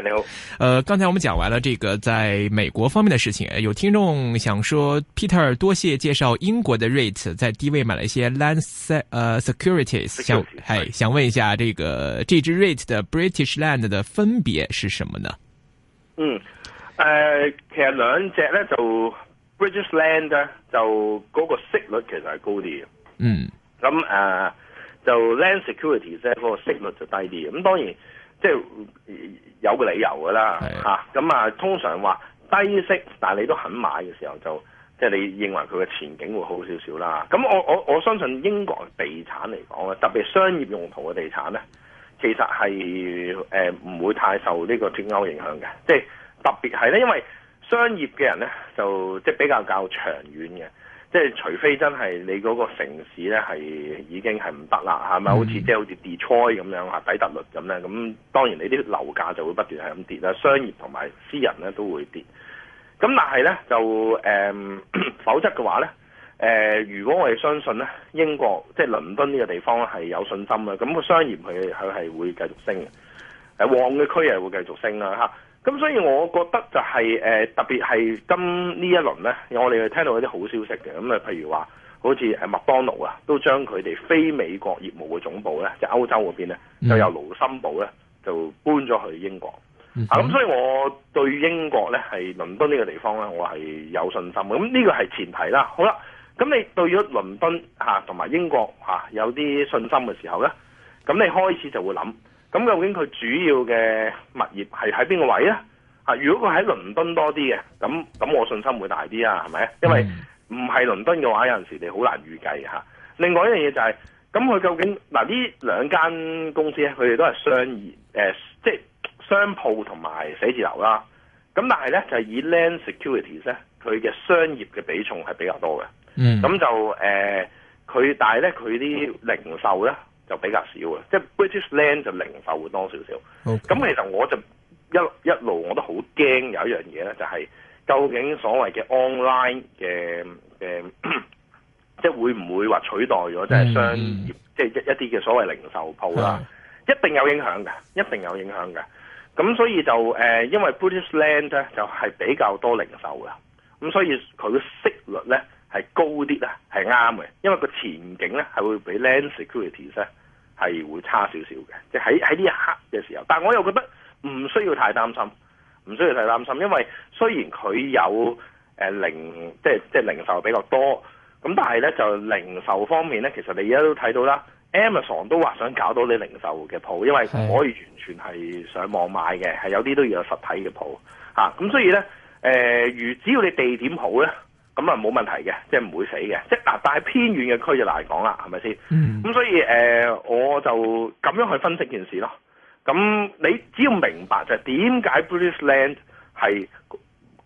你好，誒、呃，剛才我們講完了這個在美國方面的事情，有聽眾想說，Peter 多謝介紹英國的 rate，在低位買了一些 land，securities 想，哎，想問一下，這個這支 rate 的 British land 的分別是什麼呢？嗯，誒、呃，其實兩隻呢，就 British land 呢、啊，就嗰個息率其實係高啲嘅，嗯，咁、嗯、誒、呃、就 land securities 咧個息率就低啲，咁當然。嗯即係有個理由㗎啦，嚇咁啊，通常話低息，但係你都肯買嘅時候就，就即係你認為佢嘅前景會好少少啦。咁我我我相信英國地產嚟講咧，特別商業用途嘅地產咧，其實係誒唔會太受呢個脫歐影響嘅。即係特別係咧，因為商業嘅人咧就即係比較較長遠嘅。即係除非真係你嗰個城市咧係已經係唔得啦，係咪、嗯？好似即係好似 Detroit 咁樣啊，底特律咁咧。咁當然你啲樓價就會不斷係咁跌啦，商業同埋私人咧都會跌。咁但係咧就誒、嗯，否則嘅話咧誒、呃，如果我哋相信咧英國即係倫敦呢個地方係有信心啦，咁個商業佢係係會繼續升嘅，係旺嘅區係會繼續升啦嚇。咁所以，我覺得就係、是、誒、呃，特別係今呢一輪咧，我哋去聽到一啲好消息嘅。咁啊，譬如話，好似係麥當勞啊，都將佢哋非美國業務嘅總部咧，即係、就是、歐洲嗰邊咧，就由盧森堡咧，就搬咗去英國。Mm-hmm. 啊，咁所以我對英國咧，係倫敦呢個地方咧，我係有信心。咁呢個係前提啦。好啦，咁你對咗倫敦同埋、啊、英國、啊、有啲信心嘅時候咧，咁你開始就會諗。咁究竟佢主要嘅物業係喺邊個位咧？啊，如果佢喺倫敦多啲嘅，咁咁我信心會大啲啊，係咪啊？因為唔係倫敦嘅話，有陣時你好難預計嚇。另外一樣嘢就係、是，咁佢究竟嗱呢兩間公司咧，佢哋都係商業、呃、即係商鋪同埋寫字樓啦。咁但係咧就係以 Land Securities 咧，佢嘅商業嘅比重係比較多嘅。嗯。咁就誒，佢、呃、但係咧佢啲零售咧。就比較少啊，即係 British Land 就零售會多少少。咁、okay. 其實我就一一路我都好驚有一樣嘢咧，就係、是、究竟所謂嘅 online 嘅嘅、呃，即係會唔會話取代咗即係商業，嗯、即係一一啲嘅所謂零售鋪啦？一定有影響嘅，一定有影響嘅。咁所以就、呃、因為 British Land 咧就係比較多零售嘅，咁所以佢嘅息率咧。係高啲啦，係啱嘅，因為個前景咧係會比 Land Securities 咧係會差少少嘅，即係喺喺呢一刻嘅時候。但係我又覺得唔需要太擔心，唔需要太擔心，因為雖然佢有誒、呃、零，即係即係零售比較多，咁但係咧就零售方面咧，其實你而家都睇到啦，Amazon 都話想搞到你零售嘅鋪，因為唔可以完全係上網買嘅，係有啲都要有實體嘅鋪嚇。咁、啊嗯、所以咧，誒、呃、如只要你地點好咧。咁啊冇問題嘅，即係唔會死嘅，即係嗱，但係偏遠嘅區就難講啦，係咪先？咁、嗯、所以誒，我就咁樣去分析件事咯。咁你只要明白就係點解 British Land 係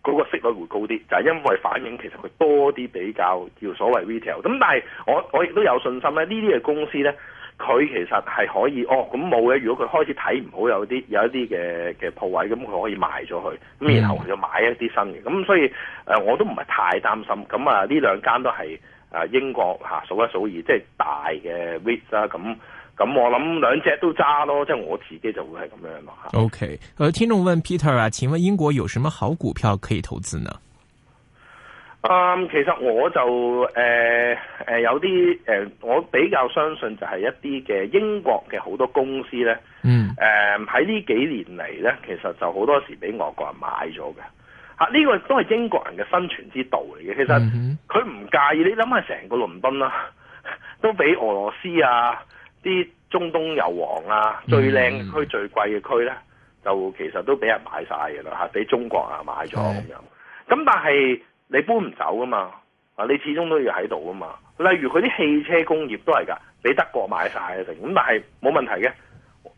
嗰個息率會高啲，就係、是、因為反映其實佢多啲比較叫所謂 retail。咁但係我我亦都有信心咧，呢啲嘅公司咧。佢其實係可以哦，咁冇嘅。如果佢開始睇唔好有啲有一啲嘅嘅鋪位，咁佢可以賣咗佢，咁然後佢就買一啲新嘅。咁、嗯、所以誒、呃，我都唔係太擔心。咁啊，呢兩間都係啊、呃、英國嚇數、啊、一數二，即係大嘅 REIT 啦。咁、嗯、咁、嗯、我諗兩隻都揸咯，即係我自己就會係咁樣咯、啊。OK，呃，聽眾問 Peter 啊，請問英國有什麼好股票可以投資呢？嗯、其實我就誒、呃呃、有啲、呃、我比較相信就係一啲嘅英國嘅好多公司咧，嗯，喺、嗯、呢幾年嚟咧，其實就好多時俾俄國人買咗嘅嚇，呢、啊呢個都係英國人嘅生存之道嚟嘅。其實佢唔介意，你諗下成個倫敦啦，都俾俄羅斯啊啲中東油王啊最靚區、嗯、最貴嘅區咧，就其實都俾人買晒嘅啦嚇，俾、啊、中國啊買咗咁樣，咁但係。你搬唔走噶嘛？啊，你始終都要喺度噶嘛。例如佢啲汽車工業都係噶，俾德國買曬成咁，但係冇問題嘅。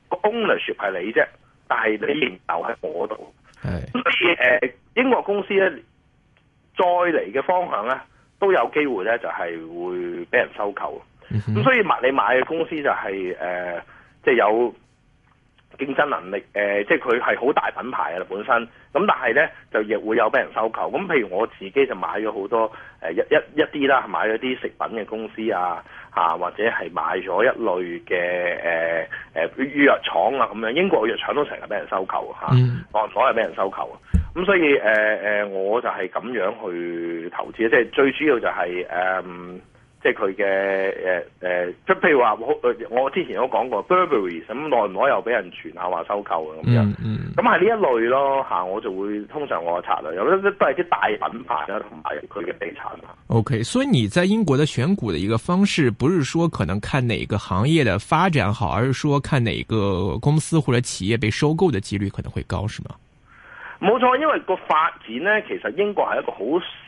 ownership 係你啫，但係你仍留喺我度。係，所以誒英國公司咧，再嚟嘅方向咧，都有機會咧，就係會俾人收購。咁、嗯、所以買你買嘅公司就係、是、誒，即、呃、係、就是、有競爭能力，誒、呃，即係佢係好大品牌啊！本身，咁但係呢就亦會有俾人收購。咁譬如我自己就買咗好多誒、呃、一一啲啦，買咗啲食品嘅公司啊，嚇、啊、或者係買咗一類嘅誒誒藥廠啊咁樣，英國藥廠都成日俾人收購嚇，當所謂俾人收購。咁、啊 mm-hmm. 所，所以誒誒、呃，我就係咁樣去投資，即係最主要就係、是、誒。呃即係佢嘅誒誒，即係譬如話，我之前都講過，Burberry 咁耐唔耐又俾人傳下話收購嘅咁樣。咁係呢一類咯嚇，我就會通常我查啊，有都都係啲大品牌啦，同埋佢嘅地產。OK，所以你在英國嘅選股嘅一個方式，不是說可能看哪個行業嘅發展好，而是說看哪個公司或者企業被收購嘅機率可能會高，是嗎？冇錯，因為個發展咧，其實英國係一個好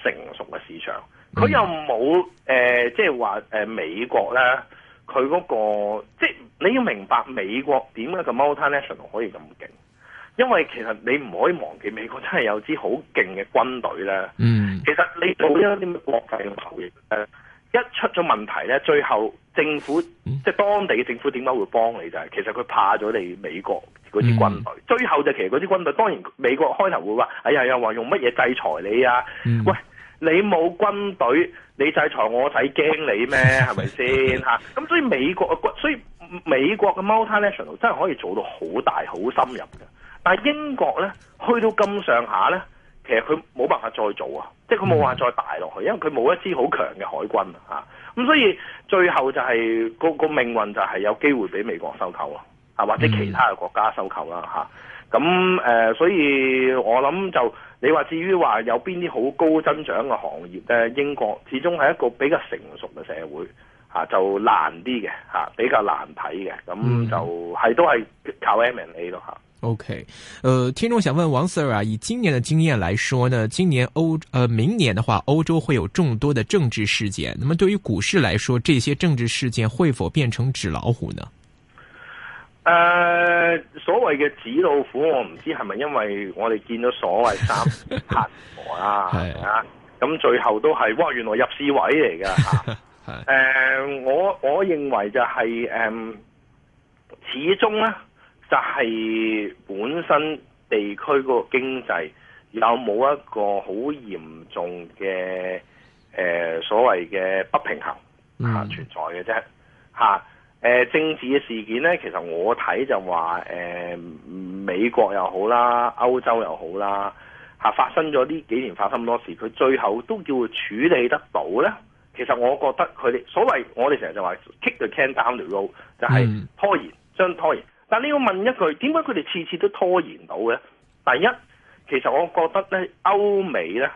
成熟嘅市場。佢、嗯、又冇誒，即係話誒美國咧，佢嗰、那個即係、就是、你要明白美國點解個 multinational 可以咁勁，因為其實你唔可以忘記美國真係有一支好勁嘅軍隊咧。嗯，其實你做咗啲咩國際嘅貿易咧，一出咗問題咧，最後政府即係、嗯就是、當地嘅政府點解會幫你就係其實佢怕咗你美國嗰啲軍隊、嗯，最後就是其實嗰啲軍隊，當然美國開頭會話，哎呀又話用乜嘢制裁你啊？嗯、喂！你冇軍隊，你制裁我使驚你咩？係咪先嚇？咁所以美國所以美國嘅 multinational 真係可以做到好大好深入嘅。但英國呢，去到咁上下呢，其實佢冇辦法再做啊，即係佢冇話再大落去，因為佢冇一支好強嘅海軍嚇。咁、啊嗯、所以最後就係、是、個,個命運就係有機會俾美國收購啊，或者其他嘅國家收購啊、嗯咁誒、呃，所以我諗就你話，至於話有邊啲好高增長嘅行業咧？英國始終係一個比較成熟嘅社會，嚇、啊、就難啲嘅比較難睇嘅，咁就係、嗯、都係靠 M and A 咯嚇。OK，誒、呃，聽眾想問王 Sir 啊，以今年嘅經驗來說呢，今年歐呃明年嘅話，歐洲會有眾多嘅政治事件，那麼對於股市來說，這些政治事件會否變成紙老虎呢？誒、呃，所謂嘅紙老虎，我唔知係咪因為我哋見到所謂三合 柏和 啊，係 啊，咁最後都係，哇，原來入市位嚟噶，誒、啊 啊，我我認為就係、是、誒、嗯，始終咧就係、是、本身地區個經濟有冇一個好嚴重嘅誒、呃、所謂嘅不平衡、啊、存在嘅啫，吓、啊。誒、呃、政治嘅事件咧，其實我睇就話誒、呃、美國又好啦，歐洲又好啦，嚇、啊、發生咗呢幾年發生咁多事，佢最後都叫佢處理得到咧。其實我覺得佢哋所謂我哋成日就話 kick the can down the road，就係拖延，將拖延。但你要問一句，點解佢哋次次都拖延到嘅？第一，其實我覺得咧，歐美咧。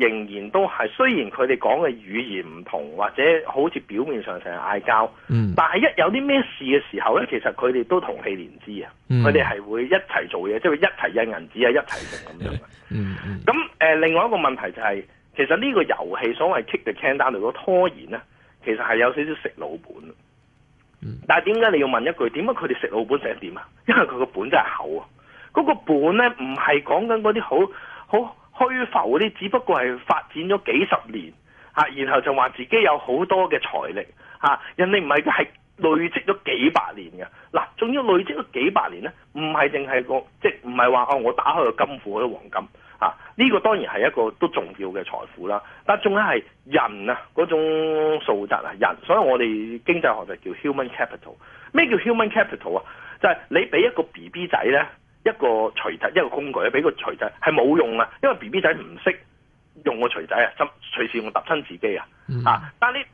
仍然都係，雖然佢哋講嘅語言唔同，或者好似表面上成日嗌交，但係一有啲咩事嘅時候呢，其實佢哋都同氣連枝啊，佢哋係會一齊做嘢，即係一齊印銀紙啊，一齊食咁樣嘅。嗯，咁，誒，另外一個問題就係，其實呢個遊戲所謂 kick the can down，如果拖延咧，其實係有少少食老本。嗯。但係點解你要問一句？點解佢哋食老本成點啊？因為佢個本真係厚啊。嗰個本呢，唔係講緊嗰啲好好。虛浮嗰啲，只不過係發展咗幾十年嚇、啊，然後就話自己有好多嘅財力嚇、啊，人哋唔係係累積咗幾百年嘅，嗱、啊，仲要累積咗幾百年咧，唔係淨係個即唔係話哦，我打開個金庫嗰啲黃金嚇，呢、啊這個當然係一個都重要嘅財富啦，但仲係人啊嗰種素質啊人，所以我哋經濟學就叫 human capital，咩叫 human capital 啊？就係你俾一個 B B 仔咧。一個錘仔一個工具，俾個錘仔係冇用啊，因為 B B 仔唔識用個錘仔啊，就隨時用揼親自己啊、嗯。啊！但係你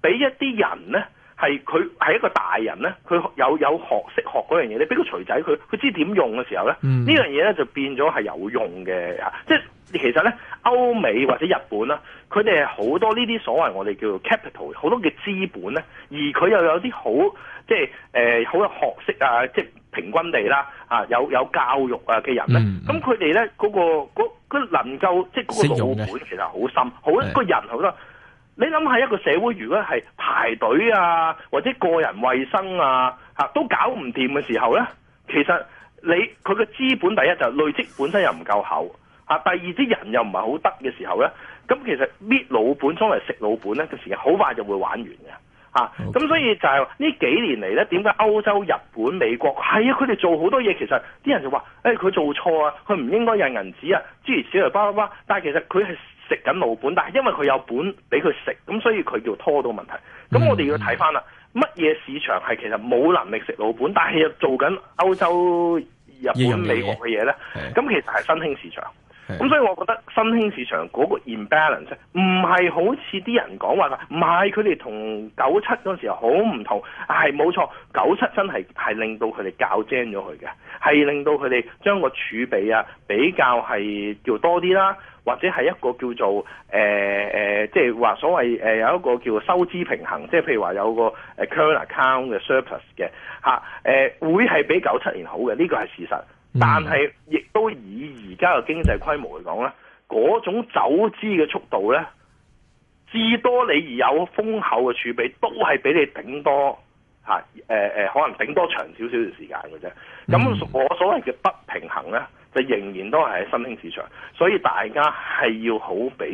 俾一啲人咧，係佢係一個大人咧，佢有有學識學嗰樣嘢，你俾個錘仔佢，佢知點用嘅時候咧，呢、嗯、樣嘢咧就變咗係有用嘅、啊。即係其實咧，歐美或者日本啦，佢哋係好多呢啲所謂我哋叫做 capital，好多嘅資本咧，而佢又有啲好即係誒好有學識啊，即係。平均地啦吓，有有教育啊嘅人咧，咁佢哋咧嗰個嗰佢能夠即係嗰個老本其實好深，好一個人好多。你諗下一個社會如果係排隊啊，或者個人衛生啊，吓都搞唔掂嘅時候咧，其實你佢嘅資本第一就係累積本身又唔夠厚吓，第二啲人又唔係好得嘅時候咧，咁其實搣老本，作為食老本咧嘅時間好快就會玩完嘅。咁、okay. 啊、所以就係呢幾年嚟咧，點解歐洲、日本、美國係啊？佢哋做好多嘢，其實啲人就話，誒、哎，佢做錯啊，佢唔應該印銀紙啊，諸如此類巴拉巴。但係其實佢係食緊老本，但係因為佢有本俾佢食，咁所以佢叫拖到問題。咁我哋要睇翻啦，乜、嗯、嘢市場係其實冇能力食老本，但係又做緊歐洲、日本、美，美國嘅嘢咧？咁其實係新興市場。咁、嗯、所以，我覺得新興市場嗰個 imbalance 唔係好似啲人講話嘅，唔係佢哋同九七嗰時候好唔同，係冇錯，九七真係係令到佢哋搞精咗佢嘅，係令到佢哋將個儲備啊比較係叫多啲啦，或者係一個叫做誒誒、呃呃、即係話所謂誒、呃、有一個叫收支平衡，即係譬如話有個 current account 嘅 surplus 嘅吓誒會係比九七年好嘅，呢、這個係事實。但係，亦都以而家嘅經濟規模嚟講呢，嗰種走資嘅速度呢，至多你而有豐厚嘅儲備，都係俾你頂多、呃、可能頂多長少少嘅時間嘅啫。咁我所謂嘅不平衡呢，就仍然都係喺新興市場，所以大家係要好俾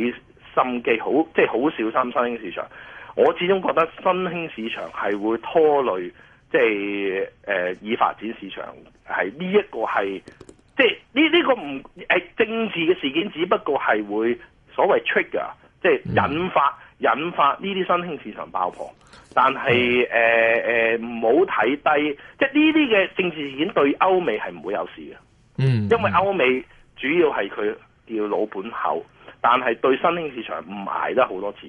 心機，好即係好小心新興市場。我始終覺得新興市場係會拖累，即係誒已發展市場。係呢一個係，即係呢呢個唔係政治嘅事件，只不過係會所謂 trigger，即係引發引發呢啲新興市場爆破。但係誒誒，唔好睇低，即係呢啲嘅政治事件對歐美係唔會有事嘅。嗯，因為歐美主要係佢叫老本厚，但係對新興市場唔捱得好多次。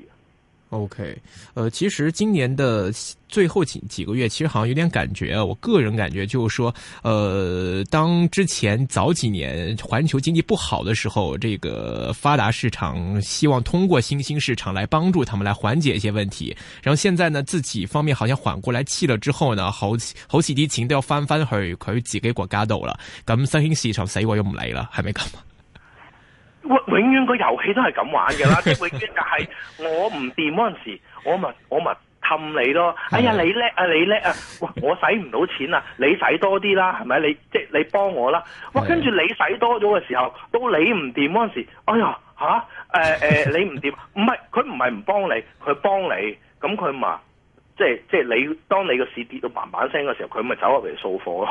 OK，呃，其實今年的最後幾幾個月，其實好像有點感覺，我個人感覺就是說，呃，當之前早幾年環球經濟不好的時候，這個發達市場希望通過新興市場來幫助他們來緩解一些問題。然後現在呢，自己方面好像緩過來氣了之後呢，好，好，似啲錢都要翻翻去佢自己國家度啦。咁新興市場誰我又唔嚟啦，係咪咁嘛？永永遠個遊戲都係咁玩嘅啦，即係永遠。但係我唔掂嗰陣時，我咪我咪氹你咯。哎呀，你叻啊，你叻啊！我使唔到錢啊，你使多啲啦，係咪？你即係你幫我啦。哇，跟住你使多咗嘅時候，到你唔掂嗰陣時，哎呀，吓、啊！誒、呃、誒，你唔掂？唔係，佢唔係唔幫你，佢幫你。咁佢咪。即係即係你，當你個市跌到慢慢聲嘅時候，佢咪走入嚟掃貨咯。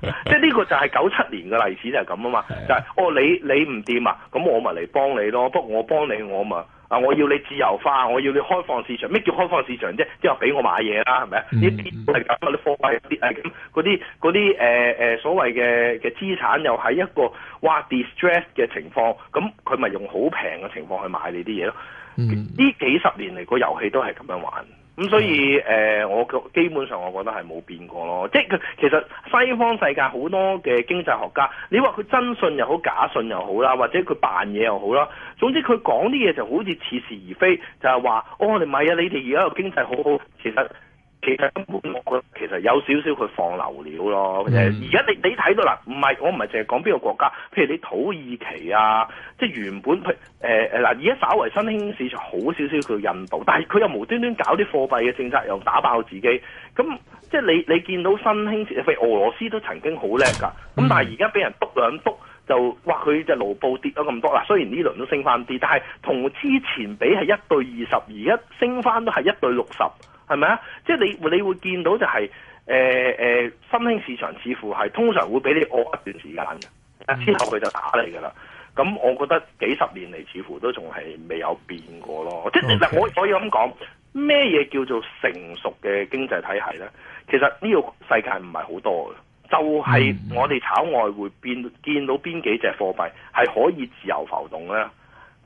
即係呢個就係九七年嘅例子就係咁啊嘛。 就係、是、哦，你你唔掂啊，咁我咪嚟幫你咯。不過我幫你，我咪啊，我要你自由化，我要你開放市場。咩叫開放市場啫？即係話俾我買嘢啦，係咪啊？啲啲係咁你啲貨幣啲誒嗰啲嗰啲所謂嘅嘅資產又係一個哇 distress 嘅情況，咁佢咪用好平嘅情況去買你啲嘢咯。呢、嗯、幾十年嚟個遊戲都係咁樣玩。咁、嗯、所以誒、呃，我基本上我覺得係冇變過咯，即係其實西方世界好多嘅經濟學家，你話佢真信又好，假信又好啦，或者佢扮嘢又好啦，總之佢講啲嘢就好似似是而非，就係、是、話，哦，我哋唔係呀，啊，你哋而家個經濟好好，其實。其實根本我覺得其實有少少佢放流料咯，誒而家你你睇到啦，唔係我唔係淨係講邊個國家，譬如你土耳其啊，即係原本佢誒誒嗱，呃，而家稍為新興市場好少少，佢印度，但係佢又無端端搞啲貨幣嘅政策，又打爆自己，咁即係你你見到新興市，譬如俄羅斯都曾經好叻㗎，咁但係而家俾人篤兩篤，就哇佢隻盧布跌咗咁多啦，雖然呢輪都升翻啲，但係同之前比係一對二十，而家升翻都係一對六十。係咪啊？即係你你會見到就係誒誒新興市場似乎係通常會俾你臥一段時間嘅，之後佢就打你噶啦。咁、嗯、我覺得幾十年嚟似乎都仲係未有變過咯。嗯、即係我我可以咁講，咩嘢叫做成熟嘅經濟體系咧？其實呢個世界唔係好多嘅，就係、是、我哋炒外匯變見到邊幾隻貨幣係可以自由浮動咧，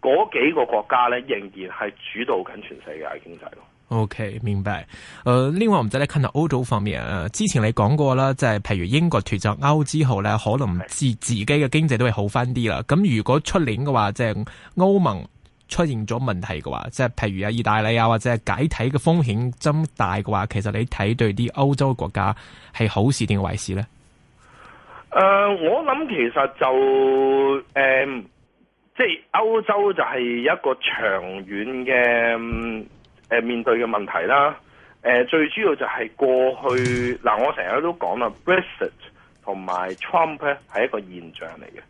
嗰幾個國家咧仍然係主導緊全世界的經濟咯。O、okay, K，明白。誒，另外，我們再嚟睇下歐洲方面。誒，之前你講過啦，即係譬如英國脱咗歐之後咧，可能自自己嘅經濟都會好翻啲啦。咁如果出年嘅話，即係歐盟出現咗問題嘅話，即係譬如啊，意大利啊，或者係解體嘅風險增大嘅話，其實你睇對啲歐洲嘅國家係好事定壞事咧？誒、呃，我諗其實就誒、呃，即係歐洲就係一個長遠嘅。誒面對嘅問題啦，誒最主要就係過去嗱，我成日都講啦，Brexit 同埋 Trump 咧係一個現象嚟嘅，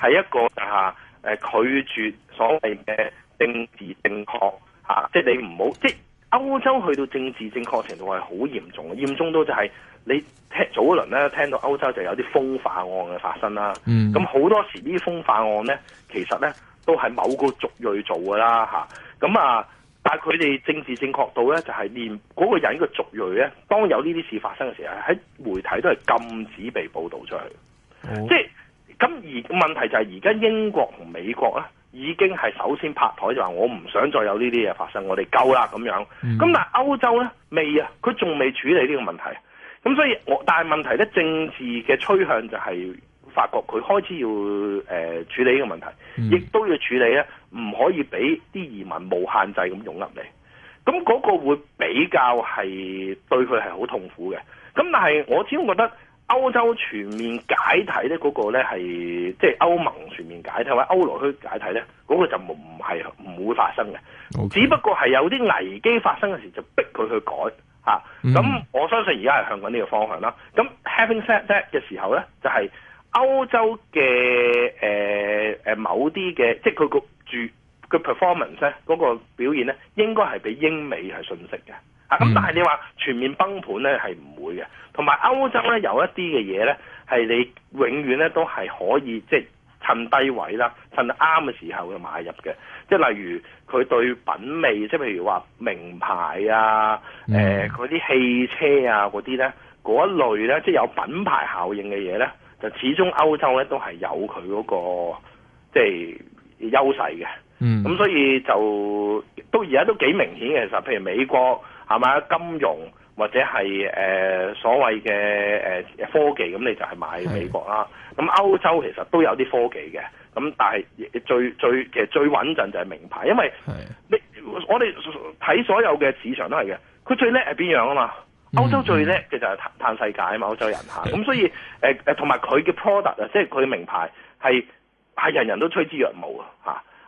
係一個就係誒拒絕所謂嘅政治正確嚇，即係你唔好即係歐洲去到政治正確程度係好嚴重嘅，嚴重到就係你聽早一輪咧聽到歐洲就有啲風化案嘅發生啦，咁、嗯、好多時呢啲風化案咧其實咧都係某個族裔做㗎啦嚇，咁啊～但係佢哋政治正確度咧，就係、是、連嗰個人嘅族裔咧，當有呢啲事發生嘅時候，喺媒體都係禁止被報導出去、哦。即係咁而問題就係而家英國同美國咧，已經係首先拍枱就話我唔想再有呢啲嘢發生，我哋夠啦咁樣。咁、嗯、但係歐洲咧未啊，佢仲未處理呢個問題。咁所以我但係問題咧，政治嘅趨向就係、是。法國佢開始要誒、呃、處理呢個問題，亦、嗯、都要處理咧，唔可以俾啲移民無限制咁湧入嚟。咁嗰個會比較係對佢係好痛苦嘅。咁但係我始終覺得歐洲全面解體咧，嗰個咧係即係歐盟全面解體或者歐羅區解體咧，嗰個就唔係唔會發生嘅。Okay. 只不過係有啲危機發生嘅時候就逼佢去改嚇。咁、啊、我相信而家係向緊呢個方向啦。咁 Having said that 嘅時候咧，就係、是。歐洲嘅誒誒某啲嘅，即係佢個住嘅 performance 咧，嗰、嗰個表現咧，應該係比英美係遜色嘅。嚇、嗯，咁但係你話全面崩盤咧，係唔會嘅。同埋歐洲咧有一啲嘅嘢咧，係你永遠咧都係可以即係趁低位啦，趁啱嘅時候去買入嘅。即係例如佢對品味，即係譬如話名牌啊，誒嗰啲汽車啊嗰啲咧，嗰、嗯、一類咧，即係有品牌效應嘅嘢咧。就始終歐洲咧都係有佢嗰、那個即係優勢嘅，咁、嗯嗯、所以就都而家都幾明顯嘅。其實譬如美國係咪金融或者係誒、呃、所謂嘅誒科技，咁你就係買美國啦。咁歐洲其實都有啲科技嘅，咁但係最最、最其實最穩陣就係名牌，因為你我哋睇所有嘅市場都係嘅，佢最叻係邊樣啊嘛？歐洲最叻嘅就係嘆世界啊嘛，歐洲人嚇，咁 所以誒同埋佢嘅 product 啊，即係佢嘅名牌係係人人都趨之若鶩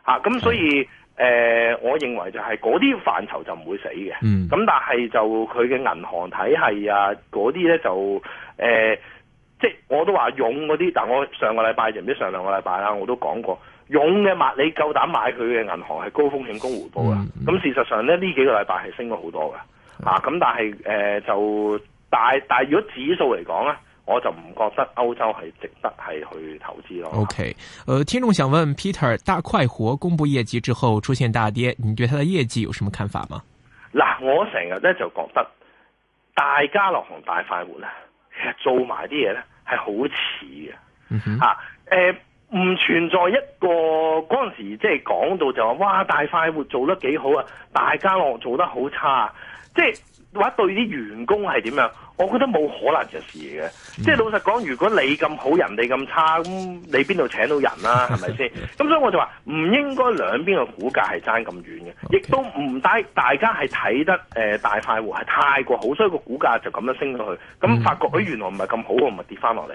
啊咁、啊、所以誒、呃，我認為就係嗰啲範疇就唔會死嘅，咁 但係就佢嘅銀行體系啊，嗰啲咧就誒、呃，即係我都話勇嗰啲，但我上個禮拜定唔知上兩個禮拜啦、啊，我都講過勇嘅物，你夠膽買佢嘅銀行係高風險高回報啊，咁 事實上咧呢幾個禮拜係升咗好多㗎。啊，咁但係誒、呃、就大大如果指數嚟講咧，我就唔覺得歐洲係值得係去投資咯。OK，誒，聽眾想問 Peter 大快活公布業績之後出現大跌，你對他的業績有什麼看法嗎？嗱，我成日咧就覺得大家樂行大快活咧，其實做埋啲嘢咧係好似嘅，mm-hmm. 啊，誒、呃，唔存在一個嗰陣時即係講到就話哇大快活做得幾好啊，大家樂行做得好差。即係話對啲員工係點樣，我覺得冇可能嘅事嘅。即、嗯、係老實講，如果你咁好，人哋咁差，咁你邊度請到人啦，啊？係咪先？咁 所以我就話唔應該兩邊嘅股價係爭咁遠嘅，okay。亦都唔大、呃，大家係睇得誒大快活係太過好，所以個股價就咁樣升咗去。咁發覺佢、嗯哎、原來唔係咁好，我咪跌翻落嚟。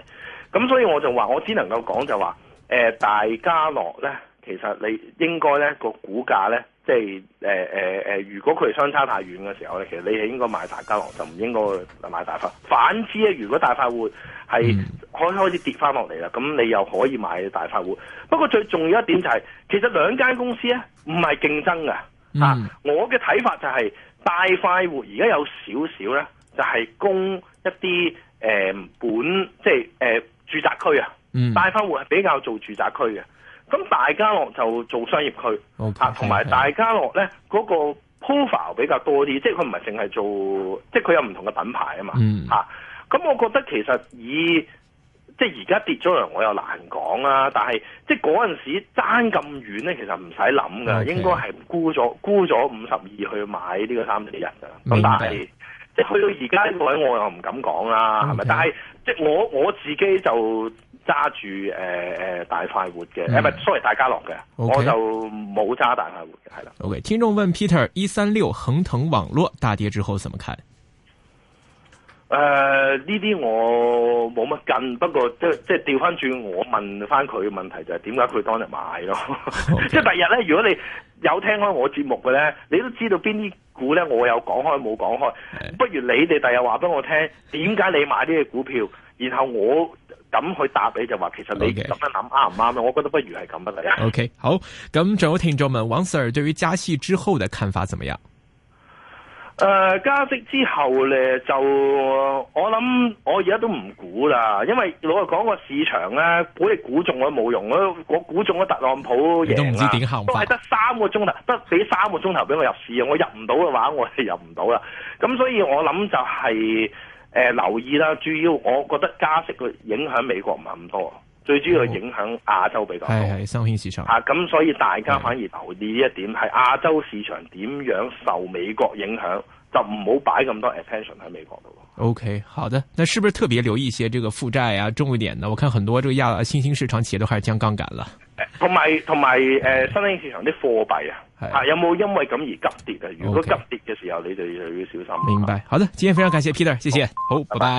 咁所以我就話，我只能夠講就話誒、呃，大家樂咧。其實你應該咧、那個股價咧，即係誒誒誒，如果佢哋相差太遠嘅時候咧，其實你係應該買大家樂，就唔應該買大快活。反之咧，如果大快活係可以開始跌翻落嚟啦，咁你又可以買大快活。不過最重要一點就係、是，其實兩間公司咧唔係競爭嘅啊。嗯、我嘅睇法就係、是、大快活而家有少少咧，就係、是、供一啲誒、呃、本即係誒、呃、住宅區啊。大快活係比較做住宅區嘅。咁大家樂就做商業區，同、okay，埋、啊、大家樂咧嗰、okay. 個鋪貨比較多啲，即係佢唔係淨係做，即係佢有唔同嘅品牌啊嘛，咁、mm. 啊、我覺得其實以即係而家跌咗嚟，我又難講啦。但係即係嗰陣時爭咁遠咧，其實唔使諗㗎，okay. 應該係沽咗沽咗五十二去買呢個三四一㗎。咁、mm-hmm. 但係、mm-hmm. 即係去到而家呢個位，我又唔敢講啦，係、okay. 咪？但係即係我我自己就。揸住誒誒、呃呃、大快活嘅，誒、嗯、唔係 sorry，大家樂嘅，okay. 我就冇揸大快活嘅係啦。OK，聽眾問 Peter 一三六恒騰網絡大跌之後怎麼看？誒呢啲我冇乜跟，不過即係即係調翻轉，我問翻佢嘅問題就係點解佢當日買咯？Okay. 即第日咧，如果你有聽開我節目嘅咧，你都知道邊啲股咧我有講開冇講開，不如你哋第日話俾我聽，點解你買呢隻股票？然後我咁去答你就話，其實你咁樣諗啱唔啱咧？Okay. 我覺得不如係咁樣嚟。O、okay. K，好，咁仲有聽眾問，王 Sir 對於加息之後嘅看法怎麼樣？誒、呃，加息之後咧，就我諗我而家都唔估啦，因為老實講個市場咧，估你估中我冇用，我估中咗特朗普都唔知點行。都係得三個鐘頭，得俾三個鐘頭俾我入市，我入唔到嘅話，我係入唔到啦。咁所以我諗就係、是。誒、呃，留意啦！主要，我覺得加息嘅影響美國唔係咁多，最主要影響亞洲比較多。係係新興市場。吓、啊，咁、哎、所以大家反而留意呢一點，係亞洲市場點樣受美國影響，哎、就唔好擺咁多 attention 喺美國度。O、okay, K，好的。那是不是特別留意一些這個負債啊重一點呢？我看很多這個亞新興市場企業都開始降槓桿了。同埋同埋誒，新興市場啲貨幣啊。啊！有冇因為咁而急跌啊？如果急跌嘅時候，okay. 你哋就要小心啊。明白，好的，今天非常感謝 Peter，謝謝，好，拜拜。